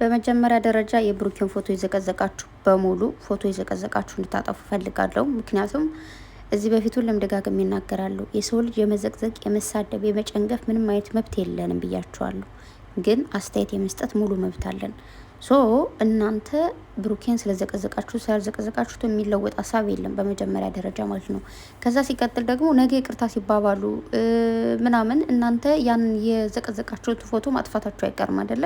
በመጀመሪያ ደረጃ የብሩኬን ፎቶ የዘቀዘቃችሁ በሙሉ ፎቶ የዘቀዘቃችሁ እንድታጠፉ ፈልጋለሁ። ምክንያቱም እዚህ በፊት ሁሉም ደጋግሜ ይናገራሉ። የሰው ልጅ የመዘቅዘቅ፣ የመሳደብ፣ የመጨንገፍ ምንም አይነት መብት የለንም ብያችኋለሁ። ግን አስተያየት የመስጠት ሙሉ መብት አለን። ሶ እናንተ ብሩኬን ስለዘቀዘቃችሁ ስላልዘቀዘቃችሁት የሚለወጥ ሀሳብ የለም፣ በመጀመሪያ ደረጃ ማለት ነው። ከዛ ሲቀጥል ደግሞ ነገ ይቅርታ ሲባባሉ ምናምን እናንተ ያን የዘቀዘቃችሁት ፎቶ ማጥፋታችሁ አይቀርም አይደለ?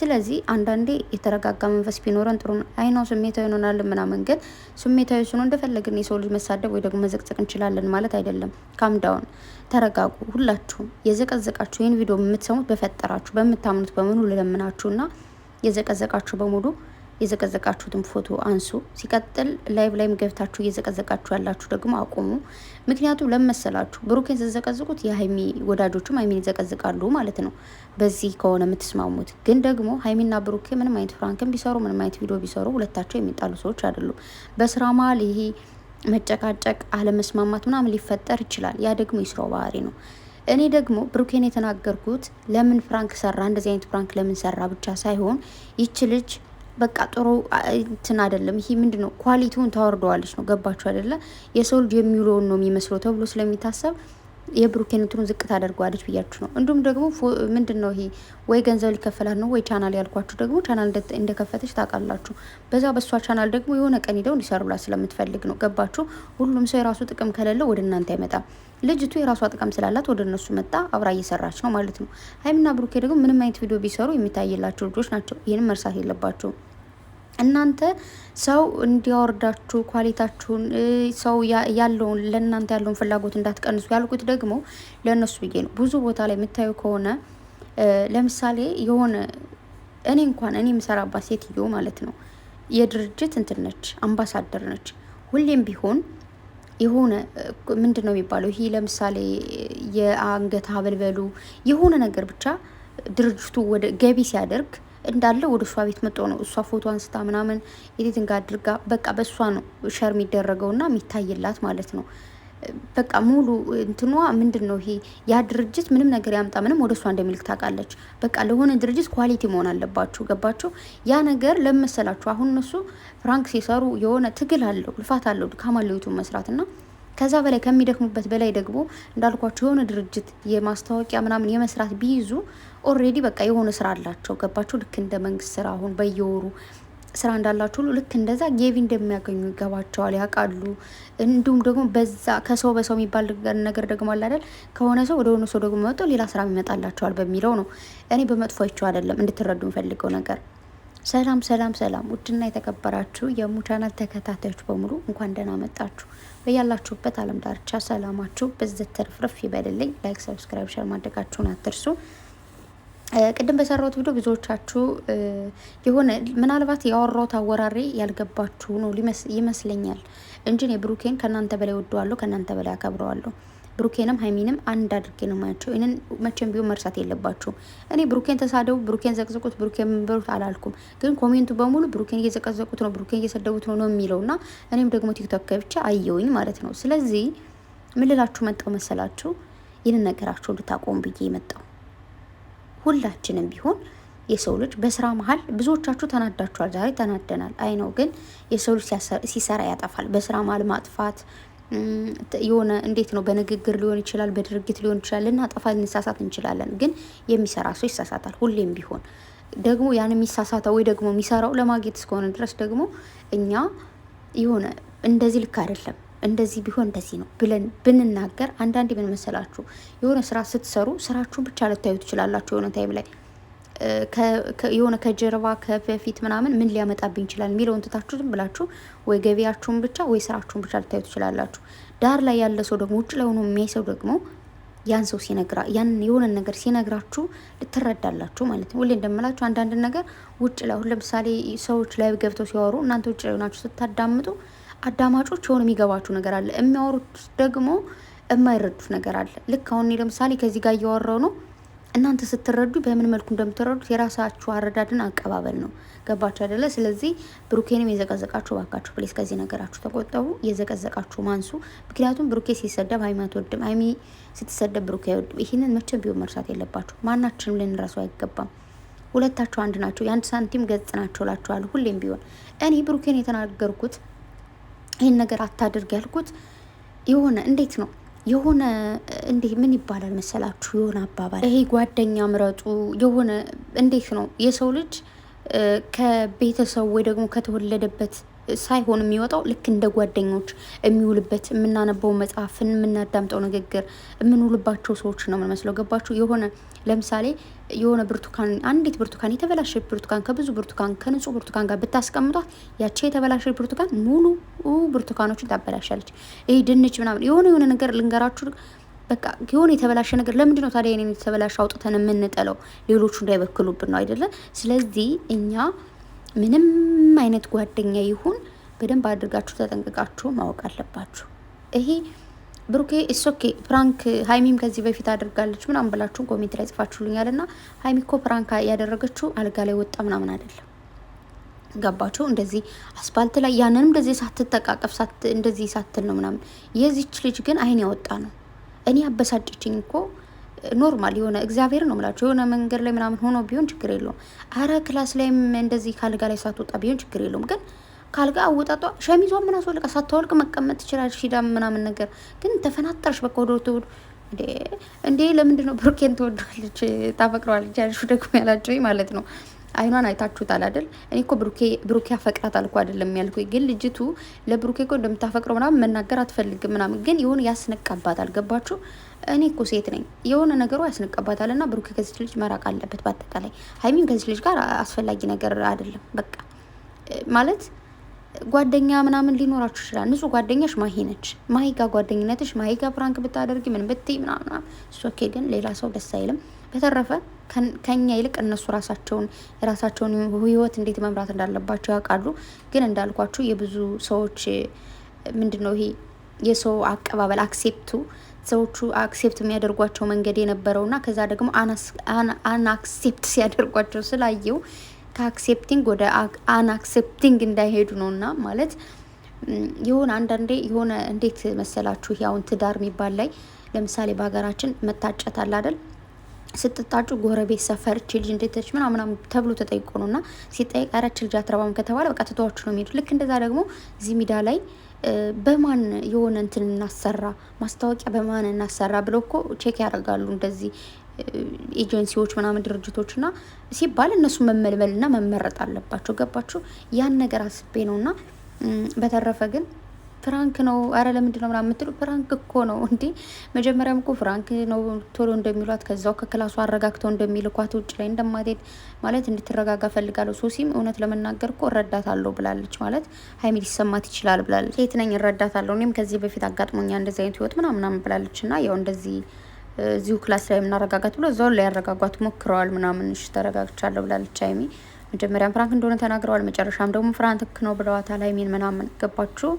ስለዚህ አንዳንዴ የተረጋጋ መንፈስ ቢኖረን ጥሩ ነው። አይናው ስሜታዊ እንሆናለን ምናምን፣ ግን ስሜታዊ ስኖ እንደፈለግን የሰው ልጅ መሳደብ ወይ ደግሞ መዘቅዘቅ እንችላለን ማለት አይደለም። ካምዳውን ተረጋጉ። ሁላችሁም የዘቀዘቃችሁ ይህን ቪዲዮ የምትሰሙት በፈጠራችሁ በምታምኑት በምኑ ልለምናችሁና የዘቀዘቃችሁ በሙሉ የዘቀዘቃችሁትን ፎቶ አንሱ። ሲቀጥል ላይቭ ላይም ገብታችሁ እየዘቀዘቃችሁ ያላችሁ ደግሞ አቁሙ። ምክንያቱም ለመሰላችሁ ብሩኬን ስትዘቀዝቁት የሀይሚ ወዳጆችም ሀይሚን ይዘቀዝቃሉ ማለት ነው። በዚህ ከሆነ የምትስማሙት ግን ደግሞ ሀይሚና ብሩኬ ምንም አይነት ፍራንክን ቢሰሩ ምንም አይነት ቪዲዮ ቢሰሩ ሁለታቸው የሚጣሉ ሰዎች አይደሉም። በስራ መሀል ይሄ መጨቃጨቅ፣ አለመስማማት ምናምን ሊፈጠር ይችላል። ያ ደግሞ የስራው ባህሪ ነው። እኔ ደግሞ ብሩኬን የተናገርኩት ለምን ፍራንክ ሰራ እንደዚህ አይነት ፍራንክ ለምን ሰራ ብቻ ሳይሆን ይች ልጅ በቃ ጥሩ እንትን አይደለም። ይሄ ምንድን ነው ኳሊቲውን ታወርደዋለች ነው። ገባችሁ አይደለ? የሰው ልጅ የሚውለውን ነው የሚመስለው ተብሎ ስለሚታሰብ የብሩኬን እንትኑን ዝቅ ታደርገዋለች ብያችሁ ነው። እንዲሁም ደግሞ ምንድን ነው ይሄ ወይ ገንዘብ ሊከፈላት ነው ወይ ቻናል ያልኳችሁ ደግሞ ቻናል እንደከፈተች ታውቃላችሁ። በዛ በእሷ ቻናል ደግሞ የሆነ ቀን ሂደው እንዲሰሩላት ስለምትፈልግ ነው። ገባችሁ? ሁሉም ሰው የራሱ ጥቅም ከሌለው ወደ እናንተ አይመጣም። ልጅቱ የራሷ ጥቅም ስላላት ወደ እነሱ መጣ፣ አብራ እየሰራች ነው ማለት ነው። ሀይምና ብሩኬ ደግሞ ምንም አይነት ቪዲዮ ቢሰሩ የሚታይላቸው ልጆች ናቸው። ይህንም መርሳት የለባቸውም። እናንተ ሰው እንዲያወርዳችሁ ኳሊታችሁን ሰው ያለውን ለእናንተ ያለውን ፍላጎት እንዳትቀንሱ ያልኩት ደግሞ ለእነሱ ብዬ ነው። ብዙ ቦታ ላይ የምታዩ ከሆነ ለምሳሌ የሆነ እኔ እንኳን እኔ የምሰራባት ሴትዮ ማለት ነው የድርጅት እንትን ነች፣ አምባሳደር ነች። ሁሌም ቢሆን የሆነ ምንድን ነው የሚባለው ይሄ ለምሳሌ የአንገት ሀብል በሉ የሆነ ነገር ብቻ ድርጅቱ ወደ ገቢ ሲያደርግ እንዳለ ወደ እሷ ቤት መጥቶ ነው እሷ ፎቶ አንስታ ምናምን ኤዲቲንግ አድርጋ በቃ በእሷ ነው ሸር ና የሚታይላት ማለት ነው። በቃ ሙሉ እንትኗ ምንድን ነው ይሄ ያ ድርጅት ምንም ነገር ያምጣ ምንም ወደ እሷ እንደሚልክ ታውቃለች። በቃ ለሆነ ድርጅት ኳሊቲ መሆን አለባችሁ። ገባችሁ? ያ ነገር ለመሰላችሁ አሁን እነሱ ፍራንክ ሲሰሩ የሆነ ትግል አለው፣ ልፋት አለው፣ ድካማ ለዩቱብ መስራት እና ከዛ በላይ ከሚደክሙበት በላይ ደግሞ እንዳልኳቸው የሆነ ድርጅት የማስታወቂያ ምናምን የመስራት ቢይዙ ኦሬዲ በቃ የሆነ ስራ አላቸው። ገባቸው ልክ እንደ መንግስት ስራ አሁን በየወሩ ስራ እንዳላችሁ ሁሉ ልክ እንደዛ ጌቪ እንደሚያገኙ ይገባቸዋል፣ ያውቃሉ። እንዲሁም ደግሞ በዛ ከሰው በሰው የሚባል ነገር ደግሞ አለ አይደል? ከሆነ ሰው ወደ ሆነ ሰው ደግሞ መጥቶ ሌላ ስራ ይመጣላቸዋል በሚለው ነው። እኔ በመጥፎ አይቼው አይደለም እንድትረዱ የምፈልገው ነገር ሰላም ሰላም ሰላም ውድና የተከበራችሁ የሙ ቻናል ተከታታዮች በሙሉ እንኳን ደህና መጣችሁ። በያላችሁበት ዓለም ዳርቻ ሰላማችሁ በዝት ትርፍርፍ ይበልልኝ። ላይክ፣ ሰብስክራይብ፣ ሸር ማድረጋችሁን አትርሱ። ቅድም በሰራሁት ቪዲዮ ብዙዎቻችሁ የሆነ ምናልባት ያወራሁት አወራሬ ያልገባችሁ ነው ይመስለኛል እንጂ እኔ ብሩኬን ከእናንተ በላይ ወደዋለሁ፣ ከእናንተ በላይ አከብረዋለሁ። ብሩኬንም ሀይሚንም አንድ አድርጌ ነው ማያቸው። ይህንን መቼም ቢሆን መርሳት የለባችሁም። እኔ ብሩኬን ተሳደቡ፣ ብሩኬን ዘቅዘቁት፣ ብሩኬን ምንበሩት አላልኩም። ግን ኮሜንቱ በሙሉ ብሩኬን እየዘቀዘቁት ነው፣ ብሩኬን እየሰደቡት ነው ነው የሚለው እና እኔም ደግሞ ቲክቶክ ከብቻ አየውኝ ማለት ነው። ስለዚህ ምልላችሁ መጣው መሰላችሁ? ይህንን ነገራችሁ እንድታቆሙ ብዬ የመጣው ሁላችንም ቢሆን የሰው ልጅ በስራ መሀል ብዙዎቻችሁ ተናዳችኋል። ዛሬ ተናደናል። አይ ነው ግን የሰው ልጅ ሲሰራ ያጠፋል። በስራ መሀል ማጥፋት የሆነ እንዴት ነው በንግግር ሊሆን ይችላል፣ በድርጊት ሊሆን ይችላል። ልናጠፋ ልንሳሳት እንችላለን። ግን የሚሰራ ሰው ይሳሳታል ሁሌም ቢሆን ደግሞ ያን የሚሳሳተው ወይ ደግሞ የሚሰራው ለማግኘት እስከሆነ ድረስ ደግሞ እኛ የሆነ እንደዚህ ልክ አይደለም እንደዚህ ቢሆን እንደዚህ ነው ብለን ብንናገር አንዳንዴ ምን መሰላችሁ የሆነ ስራ ስትሰሩ ስራችሁን ብቻ ልታዩ ትችላላችሁ የሆነ ታይም ላይ የሆነ ከጀርባ ከፊት ምናምን ምን ሊያመጣብኝ ይችላል የሚለውን ትታችሁ ዝም ብላችሁ ወይ ገቢያችሁን ብቻ ወይ ስራችሁን ብቻ ልታዩ ትችላላችሁ። ዳር ላይ ያለ ሰው ደግሞ ውጭ ላይ ሆኖ የሚያይ ሰው ደግሞ ያን ሰው ሲነግራ ያን የሆነን ነገር ሲነግራችሁ ልትረዳላችሁ ማለት ነው። ሁሌ እንደምላችሁ አንዳንድ ነገር ውጭ ላይ አሁን ለምሳሌ ሰዎች ላይ ገብተው ሲያወሩ እናንተ ውጭ ላይ ሆናችሁ ስታዳምጡ አዳማጮች የሆነ የሚገባችሁ ነገር አለ፣ የሚያወሩት ደግሞ የማይረዱት ነገር አለ። ልክ አሁን ለምሳሌ ከዚህ ጋር እያወራው ነው እናንተ ስትረዱ በምን መልኩ እንደምትረዱት የራሳችሁ አረዳድን አቀባበል ነው። ገባችሁ አይደለ? ስለዚህ ብሩኬንም የዘቀዘቃችሁ ባካችሁ ፕሌስ ከዚህ ነገራችሁ ተቆጠቡ። የዘቀዘቃችሁ ማንሱ። ምክንያቱም ብሩኬ ሲሰደብ ሀይሚ አትወድም፣ ሀይሚ ስትሰደብ ብሩኬ አይወድም። ይህንን መቼም ቢሆን መርሳት የለባችሁ። ማናችንም ልንረሳው አይገባም። ሁለታችሁ አንድ ናቸው። የአንድ ሳንቲም ገጽ ናቸው ላችኋል። ሁሌም ቢሆን እኔ ብሩኬን የተናገርኩት ይህን ነገር አታድርግ ያልኩት የሆነ እንዴት ነው የሆነ እንዴ ምን ይባላል መሰላችሁ? የሆነ አባባል ይሄ ጓደኛ ምረጡ የሆነ እንዴት ነው የሰው ልጅ ከቤተሰቡ ወይ ደግሞ ከተወለደበት ሳይሆን የሚወጣው ልክ እንደ ጓደኞች የሚውልበት የምናነበው መጽሐፍን የምናዳምጠው ንግግር የምንውልባቸው ሰዎች ነው የምንመስለው። ገባችሁ? የሆነ ለምሳሌ የሆነ ብርቱካን አንዲት ብርቱካን የተበላሸ ብርቱካን ከብዙ ብርቱካን ከንጹህ ብርቱካን ጋር ብታስቀምጧት ያቺ የተበላሸ ብርቱካን ሙሉ ብርቱካኖችን ታበላሻለች። ይህ ድንች ምናምን የሆነ የሆነ ነገር ልንገራችሁ በቃ የሆነ የተበላሸ ነገር ለምንድን ነው ታዲያ የተበላሸ አውጥተን የምንጠለው? ሌሎቹ እንዳይበክሉብን ነው አይደለም? ስለዚህ እኛ ምንም አይነት ጓደኛ ይሁን በደንብ አድርጋችሁ ተጠንቅቃችሁ ማወቅ አለባችሁ። ይሄ ብሩኬ እሶኬ ኦኬ ፕራንክ ሀይሚም ከዚህ በፊት አድርጋለች ምናምን ብላችሁን ኮሜንት ላይ ጽፋችሁልኛል። ና ሀይሚ ኮ ፕራንክ ያደረገችው አልጋ ላይ ወጣ ምናምን አይደለም። ገባችሁ? እንደዚህ አስፋልት ላይ ያንንም እንደዚህ ሳትጠቃቀፍ እንደዚህ ሳትል ነው ምናምን። የዚች ልጅ ግን አይን ያወጣ ነው። እኔ አበሳጨችኝ እኮ ኖርማል የሆነ እግዚአብሔር ነው ምላቸው የሆነ መንገድ ላይ ምናምን ሆኖ ቢሆን ችግር የለውም። አረ ክላስ ላይም እንደዚህ ካልጋ ላይ ሳትወጣ ቢሆን ችግር የለውም። ግን ካልጋ አወጣጧ ሸሚዟ ምን አስወልቃ ሳታወልቅ መቀመጥ ትችላለች። ሂዳ ምናምን ነገር ግን ተፈናጠርሽ በቃ ወደ ትውድ እንዴ ለምንድን ነው ብሩኬን ትወዷለች፣ ታፈቅረዋለች ያልሹ ደግሞ ያላቸው ማለት ነው አይኗን አይታችሁታል አይደል? እኔ እኮ ብሩኬ አፈቅራት አልኩ አይደለም ያልኩ፣ ግን ልጅቱ ለብሩኬ እኮ እንደምታፈቅረው ምናምን መናገር አትፈልግም ምናምን፣ ግን የሆነ ያስነቃባታል። ገባችሁ? እኔ እኮ ሴት ነኝ፣ የሆነ ነገሩ ያስነቃባታል። እና ብሩኬ ከዚች ልጅ መራቅ አለበት። በአጠቃላይ ሀይሚም ከዚች ልጅ ጋር አስፈላጊ ነገር አይደለም። በቃ ማለት ጓደኛ ምናምን ሊኖራችሁ ይችላል። ንጹህ ጓደኛሽ ማሂ ነች። ማሂ ጋር ጓደኝነትሽ ማሂ ጋር ፕራንክ ብታደርጊ ምን ብትይ ምናምን እሱ ኦኬ፣ ግን ሌላ ሰው ደስ አይልም። በተረፈ ከኛ ይልቅ እነሱ ራሳቸውን የራሳቸውን ህይወት እንዴት መምራት እንዳለባቸው ያውቃሉ። ግን እንዳልኳችሁ የብዙ ሰዎች ምንድን ነው ይሄ የሰው አቀባበል አክሴፕቱ ሰዎቹ አክሴፕት የሚያደርጓቸው መንገድ የነበረው እና ከዛ ደግሞ አንአክሴፕት ሲያደርጓቸው ስላየው ከአክሴፕቲንግ ወደ አንአክሴፕቲንግ እንዳይሄዱ ነው እና ማለት የሆነ አንዳንዴ የሆነ እንዴት መሰላችሁ ያውን ትዳር የሚባል ላይ ለምሳሌ በሀገራችን መታጨት አለ አይደል? ስትጣጩ ጎረቤት ሰፈር እቺ ልጅ እንዴተች ምናምናም ተብሎ ተጠይቆ ነው እና ሲጠይቅ ረች ልጅ አትረባም ከተባለ በቃ ትተዋችሁ ነው የሚሄዱ። ልክ እንደዛ ደግሞ እዚህ ሜዳ ላይ በማን የሆነ እንትን እናሰራ ማስታወቂያ በማን እናሰራ ብሎ እኮ ቼክ ያደርጋሉ እንደዚህ ኤጀንሲዎች ምናምን ድርጅቶች እና ሲባል እነሱ መመልመልና መመረጥ አለባቸው። ገባችሁ? ያን ነገር አስቤ ነው እና በተረፈ ግን ፍራንክ ነው አረ ለምንድን ነው ምናምን የምትሉ ፍራንክ እኮ ነው እንዴ። መጀመሪያም እኮ ፍራንክ ነው ቶሎ እንደሚሏት ከዛው ከክላሱ አረጋግተው እንደሚልኳት ውጭ ላይ እንደማትሄድ ማለት እንድትረጋጋ ፈልጋለሁ። ሶሲም እውነት ለመናገር እኮ እረዳታለሁ ብላለች። ማለት ሀይሚ ሊሰማት ይችላል ብላለች። ሴት ነኝ እረዳታለሁ። እኔም ከዚህ በፊት አጋጥሞኛ እንደዚህ አይነት ህይወት ምናምናም ብላለች። እና ያው እንደዚህ እዚሁ ክላስ ላይ የምናረጋጋት ብሎ ላይ ያረጋጓት ሞክረዋል ምናምን። እሺ ተረጋግቻለሁ ብላለች ሀይሚ መጀመሪያም ፍራንክ እንደሆነ ተናግረዋል። መጨረሻም ደግሞ ፍራንክ ነው ብለዋታል። ሀይሚን ምናምን ገባችሁ?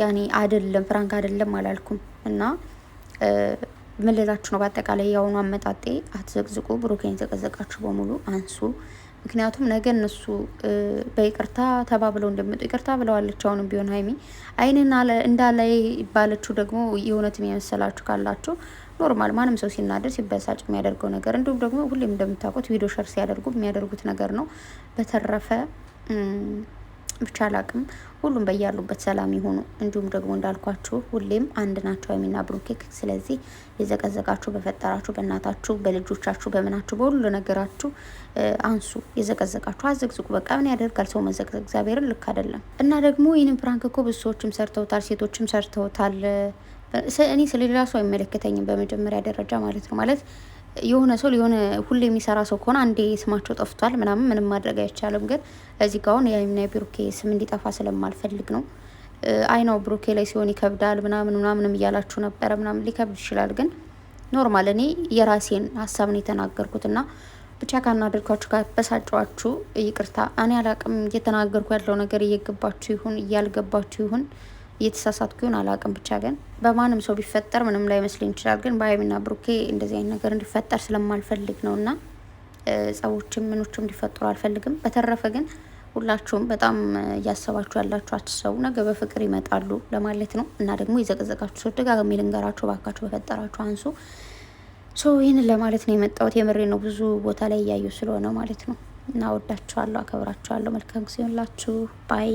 ያኔ አይደለም ፍራንክ አይደለም አላልኩም እና ምን ነው፣ በአጠቃላይ የአሁኑ አመጣጤ አትዘቅዝቁ። ብሩኬን የተቀዘቃችሁ በሙሉ አንሱ። ምክንያቱም ነገ እነሱ በይቅርታ ተባብለው እንደሚመጡ ይቅርታ ብለዋለች። አሁንም ቢሆን ሀይሚ አይንን እንዳለ ባለችው ደግሞ የእውነት የመሰላችሁ ካላችሁ ኖርማል ማንም ሰው ሲናደር ሲበሳጭ የሚያደርገው ነገር እንዲሁም ደግሞ ሁሌም እንደምታውቁት ቪዲዮ ሸር ሲያደርጉ የሚያደርጉት ነገር ነው። በተረፈ ብቻ አላቅም። ሁሉም በያሉበት ሰላም ይሆኑ። እንዲሁም ደግሞ እንዳልኳችሁ ሁሌም አንድ ናቸው የሚና ብሩኬክ። ስለዚህ የዘቀዘቃችሁ በፈጠራችሁ በእናታችሁ በልጆቻችሁ በምናችሁ በሁሉ ነገራችሁ አንሱ። የዘቀዘቃችሁ አዘግዝቁ። በቃ ምን ያደርጋል ሰው መዘቅዘቅ? እግዚአብሔርን ልክ አይደለም። እና ደግሞ ይህንን ፕራንክ እኮ ብዙ ሰዎችም ሰርተውታል፣ ሴቶችም ሰርተውታል። እኔ ስለሌላ ሰው አይመለከተኝም በመጀመሪያ ደረጃ ማለት ነው። ማለት የሆነ ሰው የሆነ ሁሌ የሚሰራ ሰው ከሆነ አንዴ ስማቸው ጠፍቷል ምናምን ምንም ማድረግ አይቻልም። ግን እዚህ ጋር አሁን የሀይሚና የብሩኬ ስም እንዲጠፋ ስለማልፈልግ ነው። አይ ነው ብሩኬ ላይ ሲሆን ይከብዳል ምናምን ምናምንም እያላችሁ ነበረ ምናምን ሊከብድ ይችላል። ግን ኖርማል እኔ የራሴን ሀሳብ ነው የተናገርኩት እና ብቻ ካናደርኳችሁ ካበሳጫችሁ ይቅርታ። እኔ አላቅም እየተናገርኩ ያለው ነገር እየገባችሁ ይሁን እያልገባችሁ ይሁን እየተሳሳትኩ ይሆን አላውቅም። ብቻ ግን በማንም ሰው ቢፈጠር ምንም ላይ መስለኝ ይችላል። ግን በሀይሚና ብሩኬ እንደዚህ አይነት ነገር እንዲፈጠር ስለማልፈልግ ነው እና ጸቦችም ምኖችም እንዲፈጠሩ አልፈልግም። በተረፈ ግን ሁላችሁም በጣም እያሰባችሁ ያላችሁ አትሰቡ፣ ነገ በፍቅር ይመጣሉ ለማለት ነው እና ደግሞ የዘቀዘቃችሁ ሰው ደጋግሜ ልንገራችሁ፣ ባካችሁ በፈጠራችሁ አንሱ። ሶ ይህንን ለማለት ነው የመጣሁት። የምሬ ነው። ብዙ ቦታ ላይ እያየሁ ስለሆነ ማለት ነው እና ወዳችኋለሁ፣ አከብራችኋለሁ። መልካም ጊዜ ሆንላችሁ ባይ